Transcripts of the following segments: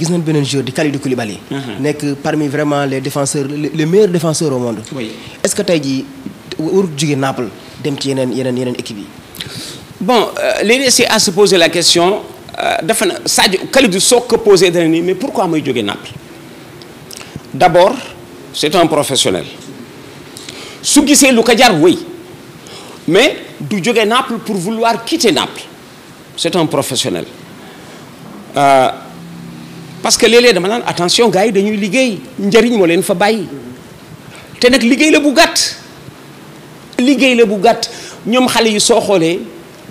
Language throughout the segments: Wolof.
gis nañ beneen joueur di ku Koulibaly. Mhm. nekk parmi vraiment les défenseurs les meilleurs défenseurs au monde. Oui. est-ce que tey jii warul jóge naple dem ci yeneen yeneen yeneen équipe yi. bon euh, léegi c'est à se poser la question euh, dafa na Sadio Kalidou soo ko posé dana ni mais pourquoi mooy jóge Naples d'abord c'est un professionnel su gisee lu ko jar wéy mais du jóge naple pour vouloir quitter Naples c'est un professionnel. Euh, parce que léeg dama naan attention gars yi dañuy liggéey njëriñ moo leen fa bàyyi te nag liggéey la bu gàtt liggéey la bu gàtt ñoom xale yi soo xoolee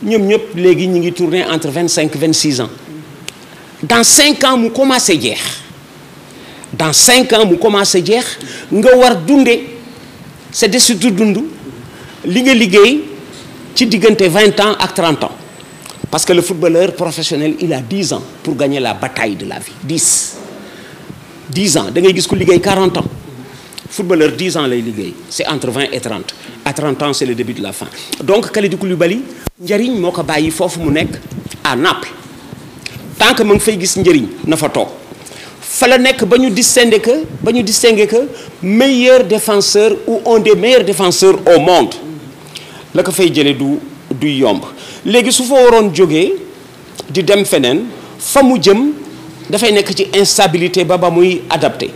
ñoom ñëpp léegi ñu ngi tourner entre vingt cinq vingt six ans dans cinq ans mu commencé jeex dans cinq ans mu commencé jeex nga war dunde sa desitu dund li nga liggéey ci diggante vingt ans ak trente ans Parce que le footballeur professionnel, il a 10 ans pour gagner la bataille de la vie. 10. 10 ans. Vous voyez 40 ans. Footballeur, 10 ans, c'est entre 20 et 30. À 30 ans, c'est le début de la fin. Donc, moo ko bàyyi foofu mu nekk à Naples. Tant que je fais Ndjarin, je fais fa la nekk ba ñu distinguer que ba ñu distinguer que meilleur défenseur ou un des meilleurs défenseurs au monde la ko fay jële du du yomb léegi su fa waroon jógee di dem feneen fa mu jëm dafay nekk ci instabilité ba ba muy adapté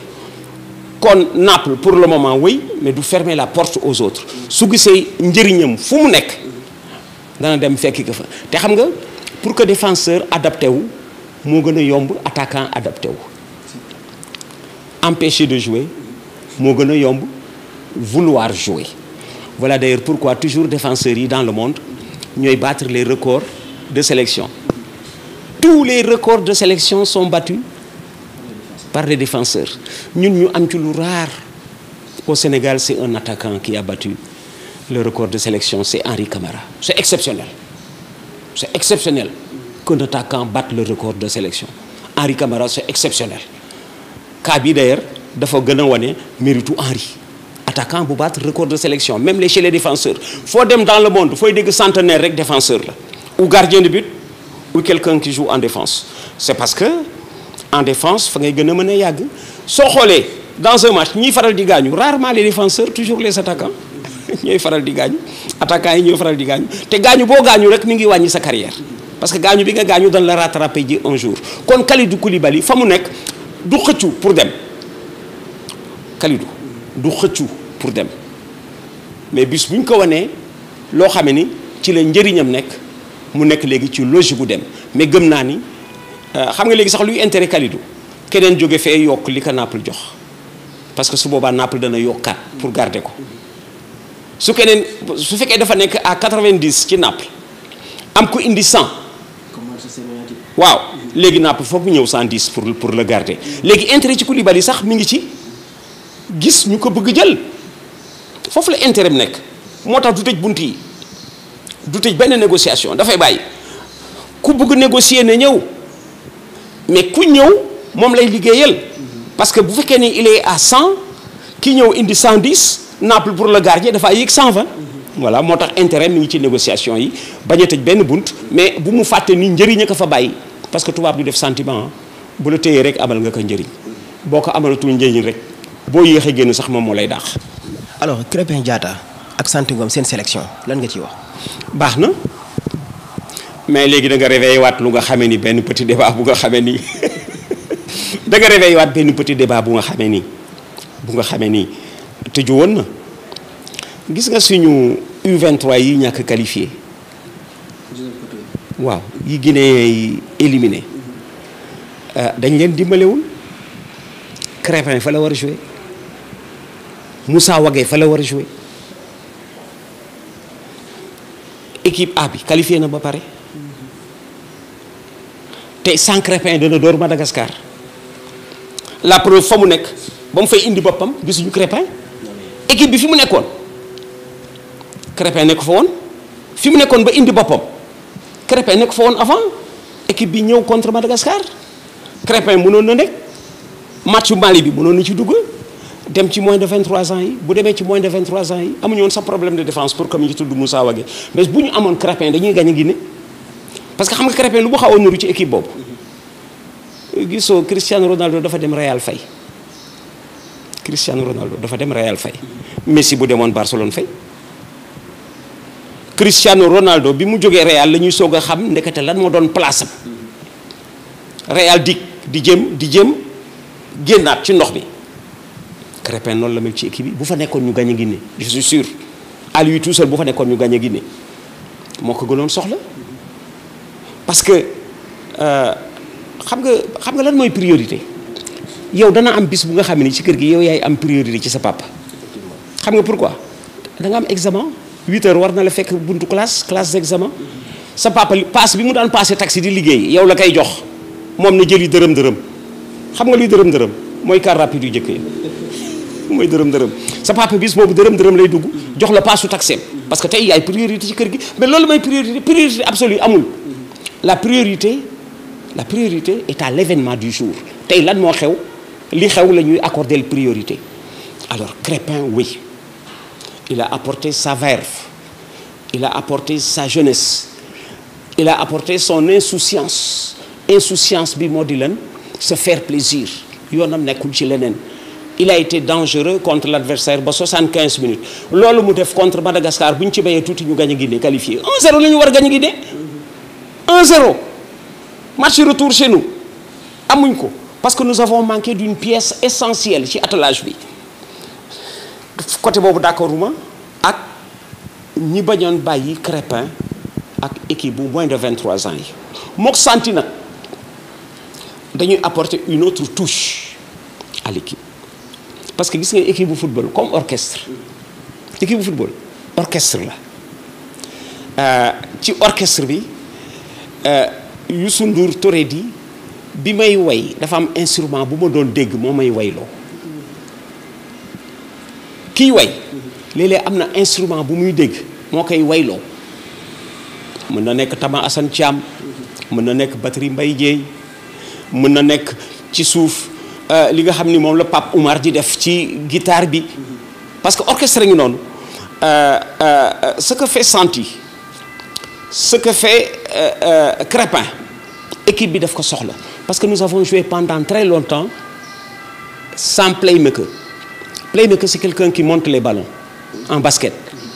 kon Naples pour le moment oui mais du fermer la porte aux autres su gisee njëriñam fu mu nekk dana dem fekk ko fa te xam nga pour que défenseur adapté wu moo gën a yomb attaquant adapté wu empêcher de jouer moo gën a yomb vouloir jouer voilà d'ailleurs pourquoi toujours défenseurs yi dans le monde ñooy battre les records de sélection tous les records de sélection sont battus par les défenseurs ñun ñu am ci lu rare au Sénégal c'est un attaquant qui a battu le record de sélection c'est Henri Camara c'est exceptionnel c'est exceptionnel qu'un attaquant batte le record de sélection Henri Camara c'est exceptionnel cas bi dafa gën a wane méritu Henri attaquant bu battre record de sélection même les chez les défenseurs foo dem dans le monde fooy dégg centenaire rek défenseur la ou gardien de but ou quelqu'un qui joue en défense c'est parce que en défense fa ngay gën a mën a yàgg soo xoolee dans un match ñiy faral di gaañu rarement les défenseurs toujours les attaquants ñooy faral di gaañu attaquants yi ñooy faral di gaañu te gaañu boo gaañu rek mi ngi wàññi sa carrière parce que gaañu bi nga gaañu dañ la rattraper ji un jour kon Kalidou Koulibaly fa mu nekk du xëccu pour dem Kalidou du pour dem mais bis bu ñu ko wanee loo xame ni ci la njëriñam nekk mu nekk léegi ci logique bu dem mais gëm naa ni euh, xam nga léegi sax luy intérêt Kalidou keneen jóge fee yokk li ko Naples jox parce que su boobaa Naples dana yokkaat pour garder ko su keneen su fekkee dafa nekk à 90 ci napp am ko indi 100 waaw léegi napp foog mu ñëw 110 pour pour le garder léegi intérêt ci Koulibaly sax mi ngi ci gis ñu ko bëgg jël foofu la intérêt bi nekk moo tax du tëj bunt yi du tëj benn négociation dafay bàyyi ku bëgg négocier ne ñëw mais ku ñëw moom lay liggéeyal parce que bu fekkee ni il est à 100 ki ñëw indi 110 naple pour le gardien dafa yéeg 120. voilà moo tax intérêt mi ngi ci négociation yi bañ a tëj benn bunt mais bu mu fàtte ni njëriñ ko fa bàyyi parce que tubaab du def sentiment bu la téyee rek amal nga ko njëriñ boo ko amalatul njëriñ rek boo yéexee génn sax moom moo lay dàq. alors Krépin Diatta ak Sant Ngom seen sélection lan nga ciy wax. baax na mais léegi da nga waat lu nga xamee ni benn petit débat bu nga xamee ni da nga réveillé waat benn petit bu nga xamee ni bu nga xamee ni tëju woon na gis nga suñu U23 yi ñàkk qualifié waaw yi Guinée yi éliminé mm-hmm. euh, dañ leen dimbalewul Krépin fa la war a jouer. Moussa Wagué fa la war a jouer équipe A bi qualifié na ba pare te Crépin dana door Madagascar la preuve fa mu nekk ba mu fay indi boppam gisuñu Crépin équipe bi fi mu nekkoon Crépin nekk fa woon fi mu nekkoon ba indi boppam Crépin nekk fa woon avant équipe bi ñëw contre Madagascar Crépin mënoon na nekk matchu Mali bi mënoon na ci dugg. dem ci moins de 23 ans yi bu demee ci moins de 23 ans yi amuñu woon sax problème de défense pour comme ñu tudd Moussa Wagué bu ñu amoon Crépin dañuy gagné Guinée parce que xam nga Crépin lu mu xaw a nuru ci équipe boobu gisoo Cristiano Ronaldo dafa dem Real fay Cristiano Ronaldo dafa dem Real fay Messi bu demoon Barcelone fay Cristiano Ronaldo bi mu jógee Real la ñuy soog a xam ndekete lan moo doon place am Real di di jëm di jëm génnaat ci ndox Crépin noonu la mel ci équipe bi bu fa nekkoon ñu gagné Guinée je suis sûr Aliou tout seul bu fa nekkoon ñu moo ko gënoon soxla parce que euh, xam nga xam nga lan mooy priorité yow dana am bis bu nga xam ne ci kër gi yow yaay am priorité ci sa papa. xam nga pourquoi da nga am examen 8 war na la fekk buntu classe classe d'examen sa papa paas bi mu daan passé taxi di liggéey yow la koy jox moom jël yi dërëm dërëm xam nga luy dërëm dërëm mooy car rapide yu jëkk yi mooy dërëm dërëm sa papa bis boobu dërëm dërëm lay dugg jox la paasu taxeem parce que tey yaay priorité ci kër gi mais loolu mooy priorité priorité absolue amul la priorité la priorité est à l'événement du jour tey lan moo xew li xew la ñuy accorder priorité alors Crépin oui il a apporté sa verve il a apporté sa jeunesse il a apporté son insouciance insouciance bi moo di lan se faire plaisir yoonam nekkul ci leneen il a été dangereux contre l'adversaire ba 75 minutes loolu mu def contre Madagascar bu ñu ci béyee tuuti ñu gañ a Guinée qualifié 1-0 la war gañ a Guinée 1-0 match retour chez amuñ ko parce que nous avons manqué d'une pièce essentielle ci attelage bi côté boobu d'accorduma ak ñi bañoon bàyyi Crépin ak équipe bu moins de 23 ans yi mook santi nag dañuy apporter une autre touche à l'équipe parce que gis nga équipe bu football comme orchestre équipe bu football orchestre la euh, ci orchestre bi euh, Youssou Ndour Touré di bi may way dafa am instrument bu ma doon dégg moo may wayloo kiy way léeg am na instrument bu muy dégg moo koy wayloo mën na nekk Tama Assane Thiam mën na nekk Battery mbay Dièye mën na nekk ci suuf Euh, li nga xam ni moom la Pape Oumar di def ci guitare bi parce que orchestre ngi noonu euh, euh, ce que fait Santi ce que fait Crépin équipe bi def ko soxla parce que nous avons joué pendant très longtemps sans playmaker playmaker c'est quelqu'un qui monte les ballons en basket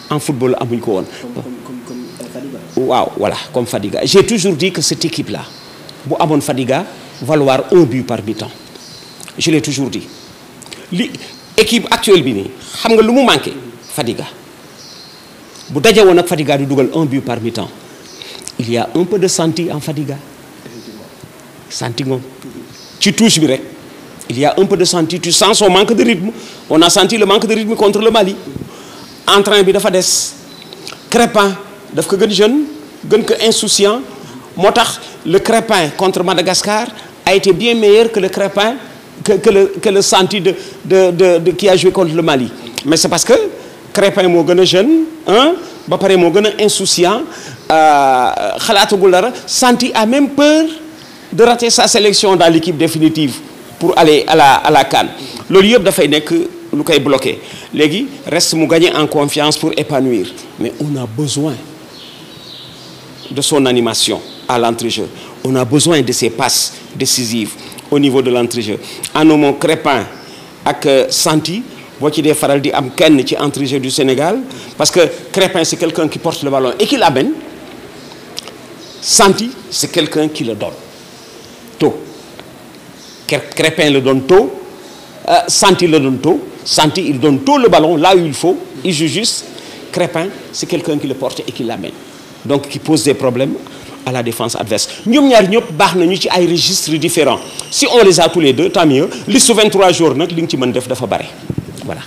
en football amuñ ko woon waaw voilà comme Fadiga j'ai toujours di que cette équipe là bu amoon Fadiga valoir un but par mi-temps je l'ai toujours dit li équipe actuelle bi nii xam nga lu mu manqué Fadiga bu daje woon ak Fadiga di dugal un but par mi-temps il y un peu de senti en fatiga senti moom ci touche bi rek il y a un peu de senti tu sens son manque de rythme on a senti le manque de rythme contre le Mali entrain bi dafa des Crépin daf ko gën jeune gën ko insouciant moo tax le Crépin contre Madagascar a été bien meilleur que le Crépin que, que le que le Santy de de de de qui a contre le Mali mais c'est parce que Crépin moo gën a jeune hein ba pare moo gën a insouciant euh, xalaatagul dara Santy a même peur de rater sa sélection dans l'équipe définitive pour aller à la à la CAN loolu yëpp dafay nekk lu koy bloqué léegi reste mu gagner en confiance pour épanouir mais on a besoin de son animation à l'entrejeu on a besoin de ses passes décisives au niveau de l'entrejeu en amont Crépin ak euh, Santy boo ci dee faral di am kenn ci entrejeu du Sénégal parce que Crépin c'est quelqu'un qui porte le ballon et qui l'amène Santy c'est quelqu'un qui le donne tôt Crépin le donne tôt euh, Santy le donne tôt Santy il le ballon là où il faut il joue juste Crépin c'est quelqu'un qui le porte et qui l'amène donc qui pose des problèmes à la défense adverse ñoom ñaar ñëpp baax nañu ci ay registres différents si on les a tous les deux tant mieux liste 23 jours nag li nga ci mën def dafa bare voilà